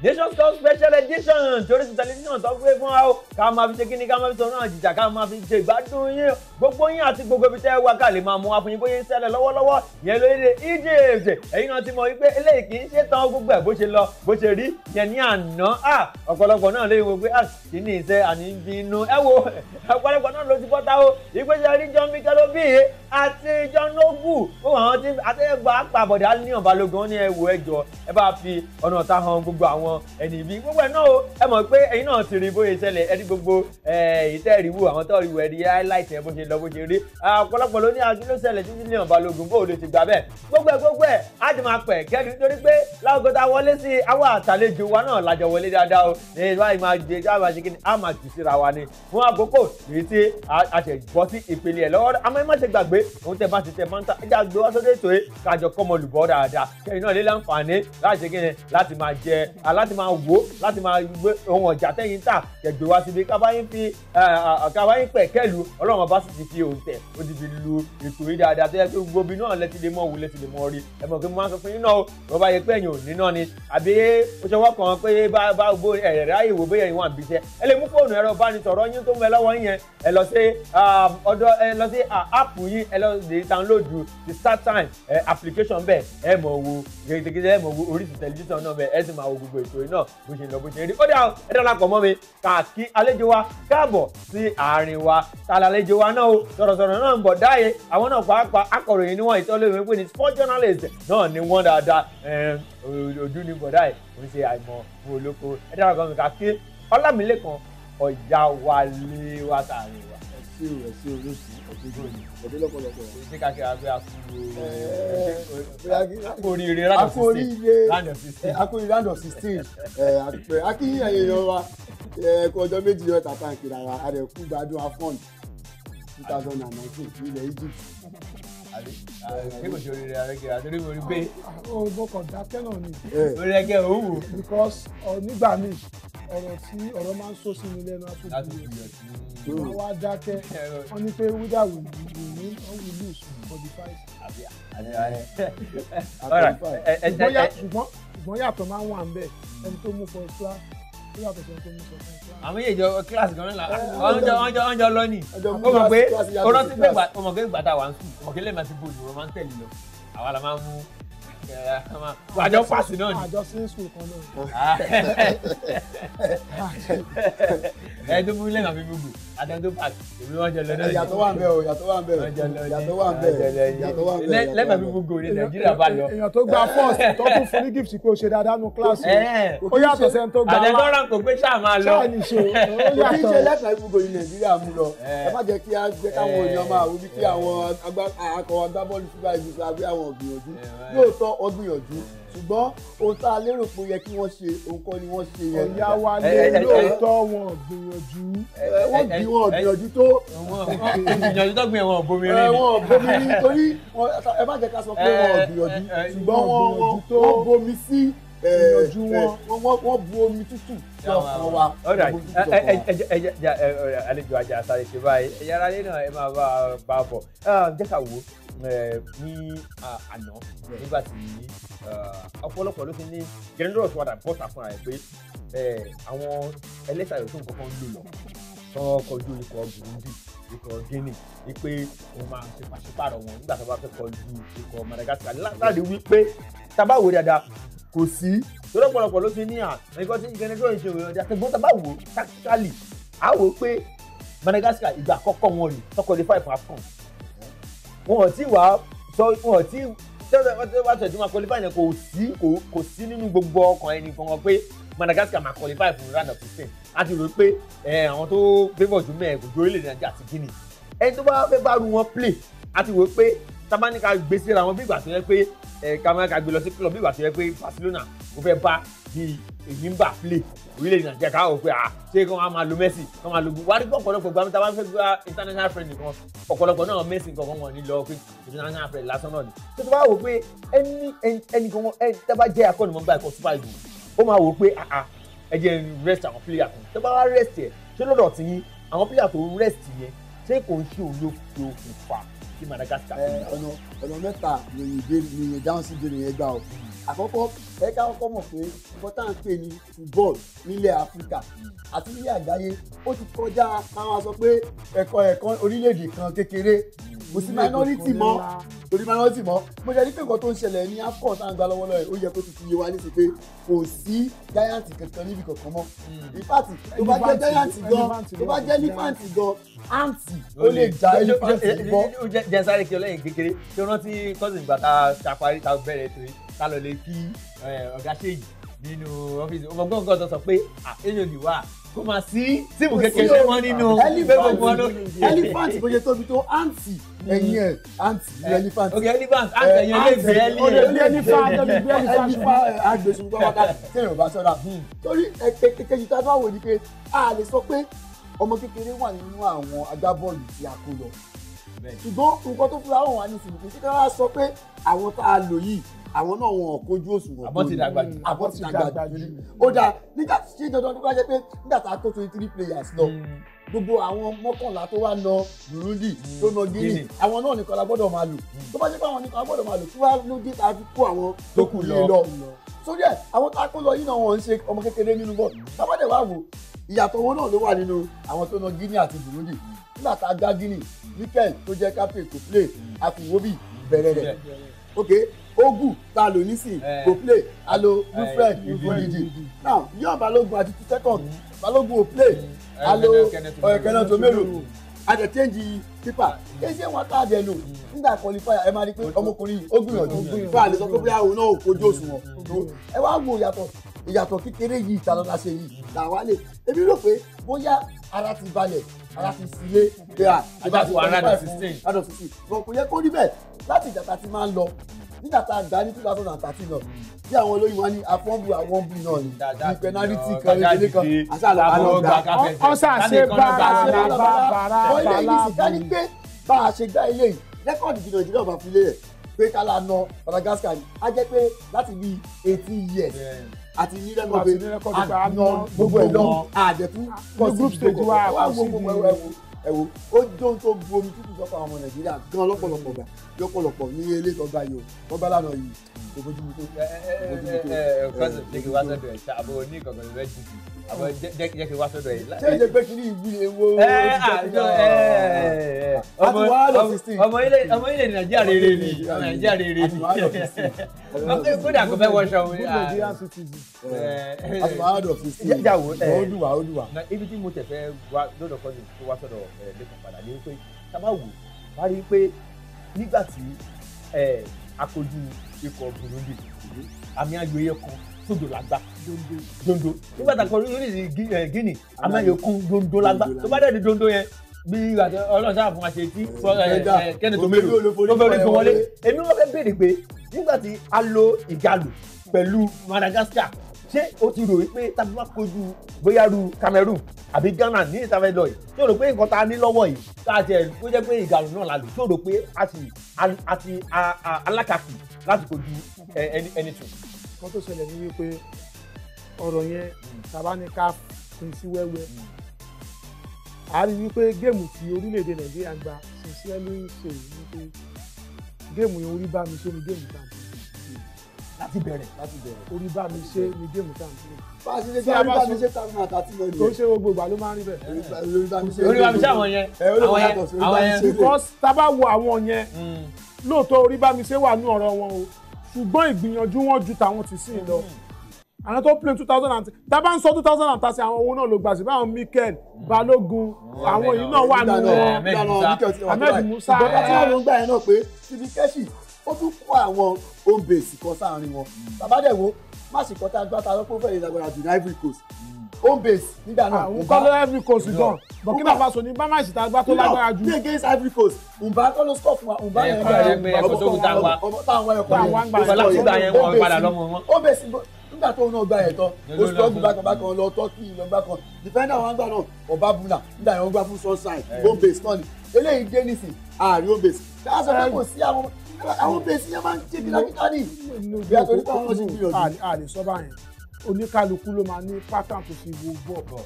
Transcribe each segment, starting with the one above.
Nations Cup special edition torí ti tẹlifíṣàn tó gbé fún wa o ká máa fi ṣe kíni ká máa fi sọ̀rọ̀ àjìjà ká máa fi ṣe ìgbádùn yín gbogbo yín àti gbogbo ibi tẹ́ wá ká lè máa mú wa fún yín bóyá ń ṣẹlẹ̀ lọ́wọ́lọ́wọ́ yẹn lórílẹ̀ Egypt ẹ̀yin náà ti mọ̀ wípé eléyìí kì í ṣe tán gbogbo ẹ̀ bó ṣe lọ bó ṣe rí yẹn ní àná à ọ̀pọ̀lọpọ̀ náà lóyún wípé à kì í ní iṣẹ́ àní bínú ẹ wo ọ̀pọ̀lọpọ̀ náà ló ti bọ́ta o ìgbésẹ̀ oníjọ́ mi kẹ́ló bíi àti John Noble ó àwọn tí àtẹ́gbà pàbọ̀dé Aliniyan Balogun ní ẹ̀wò ẹ̀jọ̀ ẹ bá fi ọ̀nà ọ̀tá hàn gbogbo àwọn ẹni ibi gbogbo ẹ̀ náà o ẹ mọ̀ pé ẹ̀yin náà ti rí bóyá ìṣẹ̀lẹ̀ ẹni gbogbo ìtẹ́rìwò àwọn tó rí wẹ̀rí highlight ẹ̀ bó ṣe lọ bó ṣe rí ọ̀pọ̀lọpọ̀ ló ní akíló ṣẹlẹ̀ sí Aliniyan Balogun bó o lè ti gbà bẹ́ẹ̀ gbogbo ẹ̀ gbogbo ẹ̀ á ti máa pẹ̀ kẹ́ni nítorí pé láwùjọta wọlé sí àwọn àtàlejò wa náà lájọ wọlé dáadáa o ní ìwádìí máa gbé jáwé máa ṣe kí ni á máa jù síra wa ni fún àkókò èyí tí a ṣe gbọ́ sí ìpele ẹ̀ lọ́wọ́ àmọ́ ẹ má ṣe gbàgbé pé òun tẹ bá ti tẹ máa ń ta ẹja gbé wá sóde ètò kájọ kọ́ ọmọlùbọ́ dáadáa kẹrin náà lè láǹfààní láti ṣe kíni láti máa jẹ láti máa wò láti máa gbé ohun ọjà tẹ́yìn tà kẹgbẹ́ wá síbi kábáyín fi kábáyín pẹ̀ kẹ́lu ọlọ́run ọba sì ti fi òun tẹ̀ ó ti fi lu ètò yìí dáadáa tẹ́lẹ̀ pé gbogbo iná lẹ́tí lè mọ̀ wù lẹ́tí lè mọ̀ rí ẹ mọ̀ pé mo máa sọ fún yín náà o ẹ lọ lè download the startime ẹ application bẹ́ẹ̀ ẹ mọ̀ wo gẹ́gẹ́gẹ́ ẹ mọ̀ wo Orísun tẹlifíṣàn náà bẹ́ẹ̀ ẹ sì máa wo gbogbo ètò yìí náà bó ṣe lọ bó ṣe rí. ó dà ẹ dára pọ̀ mọ́ mi kàkí àlejò wa káàbọ̀ sí àárín wa tàlàlejò wa náà o sọ̀rọ̀sọ̀rọ̀ náà ń bọ̀ dáyé àwọn náà pàápàá akọ̀ròyìn ni wọ́n ìtọ́lóyún pé ní sport journalist náà ni wọ́n dáadáa ojú ni bọ̀dá ẹ̀ kò ṣe àìmọ̀ fún olóko ẹ dára pọ̀ mọ́ mi kàkí Ọlámilékan Ọ̀yáwálé wa tààrin sí òrò sí òrò sí ọ̀dọ́jọ́ ni ọ̀dọ́ lọ́pọ̀lọpọ̀. ṣé káàkiri abẹ́ akú oríire round of sixteen akú oríire round of sixteen akínyìn ẹ̀yẹ yọ wa ẹ̀kọ́ ọjọ́ méjì yọ tàtà ìkìlà wa àdẹ̀kú gbádùn afọ́n two thousand and nineteen nílẹ̀ Egypt àbí kò ṣe oríire arẹ́gẹ́ àtúrí ah, oh, mo rí pé. o bọkàn dákẹ́ náà ni. orí ẹgẹ́ òwú. because nígbà míì ọ̀rọ̀ tí ọ̀rọ̀ máa ń sọ sí mi lẹ́nu aṣojú rẹ̀ wọ́n wá dákẹ́ wọ́n ní pé wíjà wò ní wò ní wọ́n wò lose ṣùgbọ́n yàtọ̀ máa ń wà ń bẹ̀ ẹni tó mú first class tó yàtọ̀ sí ẹni tó mú second class. àwọn yèjọ kíláàsì gan-an la ọjọ́ ọjọ́ ọjọ́ lọ́nì ó mọ̀ pé ó pé ìgbà tá wà ń sùn ọ̀kẹ́lẹ́ máa ti bòjú ọ̀rọ̀ máa ń tẹ̀lé lọ àwa la máa ń mú àjọ pàṣẹ náà ni. àjọ sí sùn kan náà. Ah. ẹ tó fún ilé náà fi gbogbo àtẹ̀tò pàṣẹ èmi wọn jẹ lọ náà. ìyàtọ̀ wà ń bẹ̀ o ìyàtọ̀ wà ń bẹ̀ o ìyàtọ̀ wà ń bẹ̀ o ìyàtọ̀ wà ń bẹ̀ o. lẹ́gbàá fi gbogbo ní nàìjíríà bá lọ. èèyàn tó gba first tó tún fún gift pé ṣe dáadáa nu class o eh, ó yàtọ̀ sẹ́ni tó gba wa àtẹ̀tọ̀ ràn kò gbé ṣáà máa lọ. ṣáà ní ṣe o kì í ṣe lẹ́gbàá gbogbo ní nàìjíríà wọ́n gbìyànjú ṣùgbọ́n ohun tá a lérò pé ó yẹ kí wọ́n ṣe òun kọ́ ni wọ́n ṣe yẹn. ọ̀yá wa lé lóòótọ́ wọn gbìyànjú wọ́n bí wọn gbìyànjú tó. ìgbìyànjú tó gbìyànjú wọn bomi rí wọn bomi rí torí ẹ má jẹ́ ká sọ pé wọn gbìyànjú ṣùgbọ́n wọn bomi sí ìyànjú wọn wọ́n bu omi tútù sí àlejò ajá sáré ṣe báyìí yàrá lé náà ẹ máa bá a bọ̀ jẹ́ ká wò ó ní àná nígbà tí ọ̀pọ̀lọpọ̀ ló ti ní general ṣọwádà bọ́ta fún ara ẹ̀ pé àwọn ẹlẹ́sà yòókù kankan ń lò lọ tán kọjú ikọ̀ Burundi ikọ̀ Guinea wípé òun máa ṣe pàṣípàrọ̀ wọn nígbà tó bá fẹ́ kọjú ikọ̀ Madagascar látàrí wípé tábàwò dáadáa kò sí lọ́pọ̀lọpọ̀ ló ti ní à nǹkan tí general ṣe wọ̀nyí ọjà tẹ̀gbọ́n tábàwò tactically àwò pé Madagascar ìgbà àkọ́kọ́ wọn rè tọkọ̀lẹ́fà ìfọ̀ àfọ̀n wọn ò tí wàá sọ wọn ò tí tẹ́lẹ̀ wá tẹ̀sí máa qualify yẹn kò sí kò sí nínú gbogbo ọkàn ẹni kankan pé Madagascar máa qualify fún round of sixteen a ti rò pé àwọn tó favour jù mẹ́ẹ̀ kò ju orílẹ̀-èdè Nàìjíríà àti Guinea ẹni tó bá fẹ́ bá ru wọn play a ti rò pé tabanika gbèsè ra wọn bí ìgbà tó yẹ pé kàmáka gbé lọ sí club bí ìgbà tó yẹ pé Barcelona kò fẹ́ bá bíi èyí ń bà play orílẹ̀-èdè nàìjíríà káwọ̀ pé à ah, ṣé kí wọ́n á máa lo Messi kí wọ́n máa lo wàá rí pọ̀ ọ̀pọ̀lọpọ̀ gbàmí tá a bá fẹ́ gba international friend kan ọ̀pọ̀lọpọ̀ náà Messi nǹkan kan wọ̀n ní lọ pé international friend lásán náà ni tó tó bá wò pé ẹni ẹni kan ẹni tá a bá jẹ́ akọ́nimọ̀ gbà ẹ̀kọ́ Super Eagles ó máa wò pé àà ah, ah, ẹ jẹ́ rest àwọn player kan tó bá wá rest ẹ̀ ṣé lọ́dọ̀ tí yín àwọn player tó rest yẹn ṣé kò ń ṣe òun ló fi òkun fà sí Madagascar. ọ̀nà ọ̀nà mẹ́ta lòyìn ìdáhùn sí ìbéèrè yẹn gbà ọ́ àkọ́kọ́ ẹ ká kọ́kọ́ mọ̀ pé nǹkan tá à ń pè ní football nílẹ̀ Áfíríkà àti nílẹ̀ àgbáyé ó ti kọjá káwọn sọ pé ẹ̀kọ́ ẹ̀kan orílẹ̀-èdè kan kékeré kò sí minority mọ́ kò sí minority mọ́ mo ṣe ní pé nǹkan tó ń ṣẹlẹ̀ ní AFCON tá à ń gba lọ́wọ́ lọ́yẹ̀ ó yẹ kó ti fi yé wa ní sí pé kò sí giant kankan níbi kankan mọ́ ìfàtì hmm. tó bá jẹ́ giant gan tó bá jẹ́ elephant gan ant ó lè ja elephant gan. jẹ́ sáré kí ọlẹ́yìn kékeré tí ó rántí cousin gbà tá a bẹ̀rẹ̀ ètò ká lọ lè kí ọ̀gá ṣèyí nínú ọ́fíìsì ọgbọ́n nǹkan tó sọ pé èèyàn lè wà kó máa sí síìmù kékeré wọn nínú elephant bó ṣe tóbi tó àǹtì ẹ̀yìn ẹ̀ àǹtì elephant. ok elephant àǹtì ẹ̀yìn ẹlẹ́gbẹ̀ẹ́ ẹlẹ́gbẹ̀ẹ́ elephant elephant agbèsùn gbọ́ wákàtí tẹ̀yìn ọba sọ́ra torí kejì tá a bá wò ni pé a lè sọ pé ọmọ kékeré wà nínú àwọn agbábọ́ọ̀lù tí a kó lọ ṣùgbọ́n nǹkan tó fura wọn wà ní ìsìnkú kí káwá sọ pé àwọn tá a lò yìí àwọn náà wọn ò kojú òṣùwọ̀n àbọ̀ ti dàgbà jù àbọ̀ ti dàgbà jù ó dáa nígbà ṣé dandan nípa jẹ́ pé nígbà tá a tó twenty three players lọ hmm. gbogbo àwọn mọ́kànlá tó wá na Burundi hmm. tó na Guinea àwọn náà nìkan la gbọ́dọ̀ máa lò hmm. tó bá jẹ́ pé àwọn nìkan la gbọ́dọ̀ máa lò kí wá ló dé tá a fi kó àwọn tó kù yìí lọ sórí ẹ̀ àwọn tá a kó lọ yìí náà wọ́n ń ṣe ọmọ kékeré nínú bọ́ọ̀lù tábàdẹ̀ wá wò ìyàtọ̀ owó náà ló wà nínú àwọn tó na Guinea àti Burundi nígbà tá a gbá Guinea Mikel tó jẹ́ captain kò play àfiwóbì bẹ̀rẹ̀ rẹ̀ ok ogu tá a lò nísìn eh. kò play a lo eh, wilfred ndidi now yóò balógun àti two seconds balógun ò play eh, a lo ọ̀kẹ́nà tòmẹ́rù àjẹ change keeper kí ṣé wọn tá a jẹ nù nígbà qualifier ẹ máa rí pé ọmọkùnrin yìí ó gbìyànjú fún àlejò tó bí àwọn náà kojú òṣùwọ̀n hmm. ẹ wá wo yàtọ̀ ìyàtọ̀ kékeré yìí ìta lọ́la ṣe yìí làwa lè èmi rò pé bóyá ara ti balẹ̀ ara ti sílé pé à ìgbà tí wọ́n bá fún adọ̀ sísè wọn kò yẹ kó rí bẹ́ẹ̀ láti ìjàta ti máa ń lọ nígbà tá a gbà ní two thousand and thirteen náà bí àwọn olóyìn wa ní afọ́nbù àwọn bí náà ni ní pẹnálítì kan ní kíní kan àṣàlọ àlọgbà ọ̀sà ṣe bàrà bàrà bàrà bá a ṣe gbá ilé yìí rẹ́kọ̀dì bí àti ní rẹ́kọ̀dù pé àná gbogbo ẹ̀ lọ àjẹtú group stage ó dóhun tó gbomi tútù sọ́kọ̀ àwọn ọmọ nàìjíríà gan lọ́pọ̀lọpọ̀ gbà lọ́pọ̀lọpọ̀ ní ilé tọ́gbà yìí o wọ́n bá lánàá yìí kò bójú mi tó. ẹ ẹ ẹ ẹ kọ́sì fi wá sọ́dọ̀ ẹ̀ ṣáà bó o ní ìkọ̀kọ̀ lọ́wọ́ jù jù àbọ̀ jẹ́ kí n wá sọ́dọ̀ yìí. ṣé ìjẹ́ pé kí ní ìwú ewo ọmọ ilẹ̀ ọmọ ilẹ̀ nàìjíríà rere ni nàìjíríà rere ni kódà kò fẹ́ wọṣọ òun. good nigerian citizen asuwahad of his team ibi tí mo tẹ̀fẹ́ wá lọ́dọ̀ kọ́ni tó wá sọ́dọ̀ lẹ́kàn padà ni pé tábà wò wá pé nígbà tí akojú ikọ̀ Burundi àmì ayò kan sódò lágbá dondo nígbà tá a kọ oríṣi eh, gíní amáyekún dondo lágbá tó bá dẹ̀ di dondo yẹn bí ọlọ́run sáà fún àṣẹ tí kẹ́ni tó mélòó ló fẹ́ orí fún wọlé èmi wọ́n fẹ́ béèrè pé nígbà tí a lo ìgalù pẹ̀lú Madagascar ṣé o ti rò wípé tàbí wá kojú bóyá ru Cameroon àbí Ghana ní ìsàfẹ́ lọ yìí ṣé o rò pé nǹkan tá a ní lọ́wọ́ yìí tá a jẹ kó jẹ́ pé ìgalù náà la lò ṣé o rò pé a sì a ti alákàkì láti kojú ẹni tó. kan tó ṣẹlẹ̀ ní wípé ọ̀rọ̀ yẹn mm. tàbá ni ká pín sí wẹ́wẹ́ mm. a wípé géèmù tí orílẹ̀-èdè nàìjíríà gba sincerely ṣe ní géèmù yẹn orí bá mi ṣe ni géèmù tá à ń pè láti bẹ̀rẹ̀ láti bẹ̀rẹ̀ orí bá mi ṣe ni géèmù tá à ń pè bá ṣe orí bá mi ṣe tá a máa tà tí mo nìyẹn ṣe gbogbo ìgbà ló máa ń rí bẹ́ẹ̀ orí bá mi ṣe àwọn yẹn àwọn yẹn àwọn yẹn because tá a bá wo àwọn yẹn mm. lóòótọ́ orí bá mi ṣe wà ní ọ̀rọ̀ wọn o ṣùgbọ́n ìgbìyànjú wọn ju tàwọn ti sìn lọ àwọn tó play two thousand and tábà ń sọ two thousand and thirty àwọn owó náà ló gbà sí báwọn Mikel Balogun àwọn yìí náà wà nínú wọn Ahmed Musa ìgbọ́dọ̀ tí wọ́n ló ń gbà yẹn náà pé tìbí kẹ́sì ó tún kó àwọn home base kan sáàárín wọn hmm. bàbá dẹ̀ wo má sì kọ́ta gbáta lọ́pọ̀ fẹ́ẹ́ ìdàgbàrà jù ní Ivory Coast hmm. home base nígbà náà. àwọn ah, kọ́lọ́ Ivory Coast gan Burkina Faso ní bama ìsìta gbá tó lágbára jù. play against Ivory Coast nba kọ́lọ́ score fún wa nba yẹn gbà yẹn ọmọ táwọn ẹ̀kọ́ yẹn ọmọ táwọn ẹ̀kọ́ yẹn home base nígbà tó náà gba ẹ̀tọ́ ó sọ́ọ̀gù bákan bákan lọ tọ́kì lọ bákan dìfẹ́ndà wọn gbà náà ọba bùnà nígbà yẹn wọn gbà fún sunshine home base náà ni eléyìí dé nísìn ààrẹ home base káà sọ pé kò sí àwọn àwọn home base yẹn máa ń ṣe bí lákìtá nì oníkálukú ló máa ní pattern tó fi wo bọ̀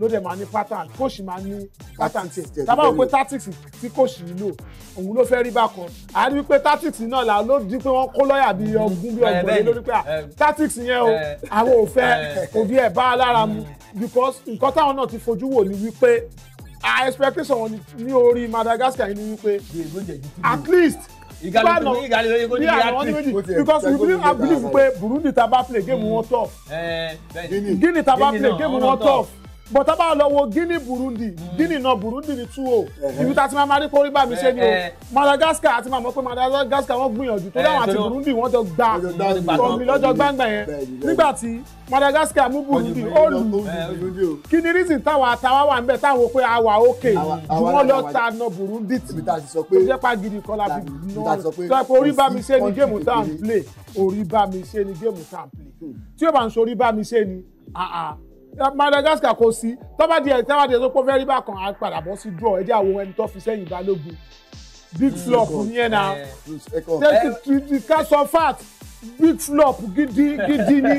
ló dẹ̀ máa ní pattern coach máa ní pattern tiẹ̀ tábà wọ́n pé tactics tí coach yìí lò òun ló fẹ́ rí bákan à rí pé tactics náà là ló di pé wọ́n kó lọ́ọ̀yà bíi mm-hmm. ọgbọ́n bíi ọgbọ́n lé lórí pé ah, eh. tactics yẹn o eh. àwọn ò fẹ́ eh. òbí ẹ̀ bá a lára mu mm-hmm. because nǹkan táwọn náà ti fojú wò ni wípé our expectation ní orí Madagascar yìí ni wípé at least ìgalè kò ní ìyá because we believe I believe pé Burundi tá a bá play game wọn tough eh, Guinea tá a bá play game wọn tough but tá bá lọ wo Guinea Burundi Guinea náà Burundi ní two o uh-huh. ibi tá ti máa rí kórí bá mi ṣe ni o uh-huh. Madagascar àti màmá pé Madagascar wọ́n gbìyànjú tó dáhùn uh-huh. àti Burundi wọ́n jọ gbà kọmi lọ́jọ́ gbangba yẹn nígbà tí Madagascar mú Burundi ó lù ú kí ni reason táwa àtàwa wà ń bẹ táwọn pé àwa òkè ju wọ́n lọ ta na Burundi tì tó jẹ́ pagidi kọ́lá bí náà sọ pé orí bá mi ṣe ni géèmù tá à ń play orí bá mi ṣe ni géèmù tá à ń play hmm. tí ó bá ń sọ orí bá mi ṣe ni ah, ah. Eh, Madagascar kò sí tọ́ba díẹ̀ tọ́ba díẹ̀ tó pọ́ fẹ́ẹ́ rí bákan á padà bọ́ sí draw ẹjẹ́ àwọn ẹni tó fi sẹ́yìn balógun big mm, flop yẹn na eh, eh, ká sọ fat big flop gidi gidi ni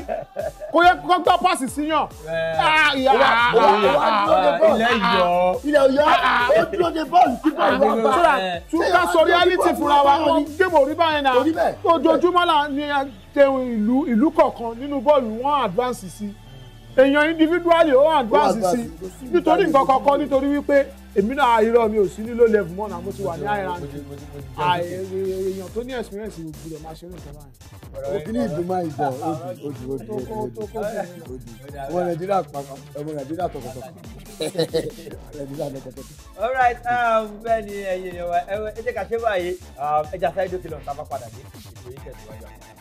kò yẹ kó gbọ́ pàṣẹ síyàn. Ah, ah, ah, ilẹ̀ yọ ilẹ̀ yọ ó dúró de bọ́ọ̀lù tí bọ́ọ̀lù wà bá. túká sọ reality fúnra wa ó géèmù orí báyẹn náà ojoojúmọ́ ni ìlú kọ̀ọ̀kan nínú bọ́ọ̀lù wọ́n advance sí i èèyàn individually ó advance sí nítorí nǹkan kọ́kọ́ nítorí wípé èmi náà irọ́ mi ò sí ní low level mọ́nà mo ti wà ní high èèyàn tó ní experience gbọdọ̀ máa ṣe nǹkan báyìí. òkìní ìdùnmá ìbọn odi odi odi odi ọmọ nàìjíríà pàápàá ọmọ nàìjíríà tọkọtọkọ all right um, bẹ́ẹ̀ ni ẹ̀yin èèyàn wa ẹ jẹ́ ká ṣe báyìí um, ẹja sáyé dókè lọ́nà tá a bá padà dé ìgbòyìn tẹ̀síwájú àpá.